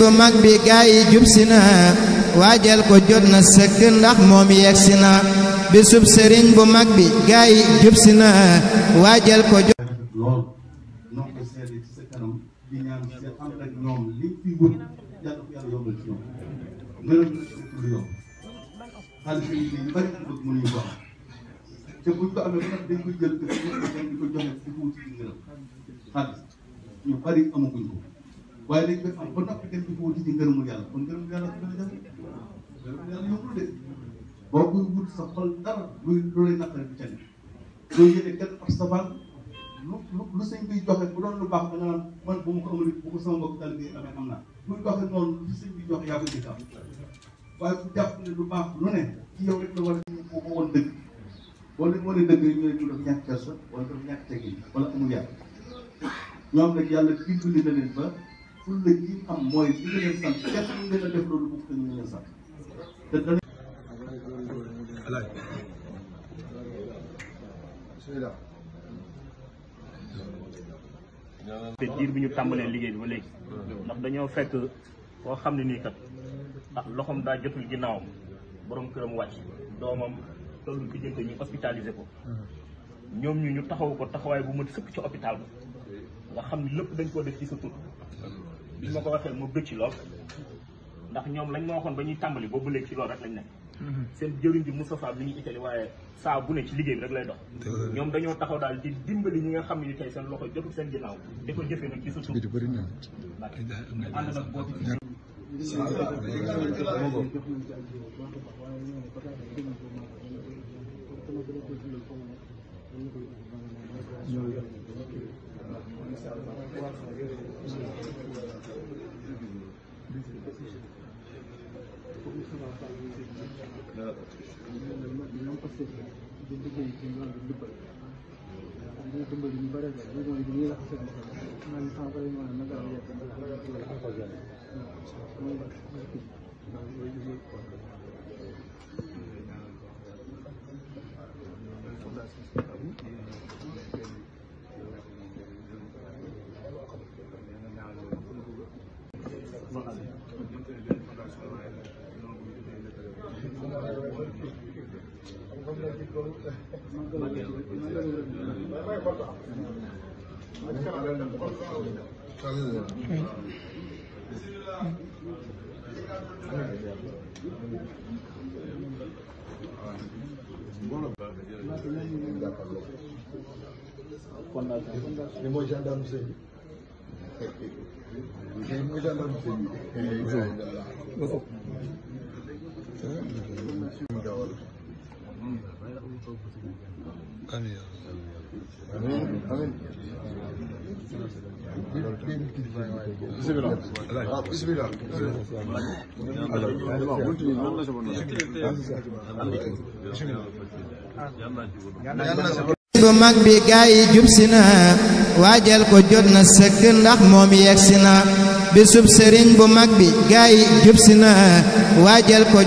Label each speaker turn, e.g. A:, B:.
A: bu mag bi gaay yi jub si ko jot na sëkk ndax moom yegg si na sëriñ bu mag bi gaay yi jub si na ko jot
B: lool ba dañ waaye dañ koy am ba noppi dem di ko wuti ci ngërëmu yàlla kon ngërëmu yàlla dafa gën a jafe ngërëmu yàlla yombul de boo koy wut sa xol dara luy lu lay naqari bi ca ne doo yéene kenn ab sabaan lu lu lu sëñ bi joxe bu doon lu baax da nga naan man bu ma ko amul bu ko sama mbokk daal bi amee am naa muy joxe noonu lu sëñ bi joxe yaa ko jëkk am waaye bu jàpp ne lu baax lu ne ci yow rek la war a ko ko woon dëgg boo leen mënee dëgg rek ñu ne dafa ñàkk kersa wala dafa ñàkk teggin wala amul yàlla ñoom nag yàlla dimbali na leen ba ful
A: la te diir bi ñu tàmbalee liggéey bi ma léegi ndax dañoo fekk koo xam ne nii kat ndax ah, loxoom daa jotul ginnaawam borom këram wàcc doomam tollu diggante ñu hospitalisé ko ñoom ñu ñu taxaw ko taxawaay bu mën sëkk ci hôpital ba nga xam ne lépp dañ koo def ci sa bi ma ko waxee ma bëgg ci lool ndax ñoom lañ ma waxoon ba ñuy tàmbali boobu léegi ci lool rek lañ nekk mhm. seen jëriñ bi Moustapha mi ngi itali waaye saa bu ne ci liggéey bi rek lay dox ñoom dañoo taxaw daal di dimbali ñi nga xam ne tey seen loxo jotul seen ginnaaw di ko jëfee nag ci sa tur ànd nag boo
B: ñooy Gracias. Les mots gendarmes, c'est Les mots gendarmes, c'est amiin
A: bu mag bi gaay yi na waajal ko jot na sëkk ndax moom yegg na bisub sëriñ bu mag bi gaay yi na waajal ko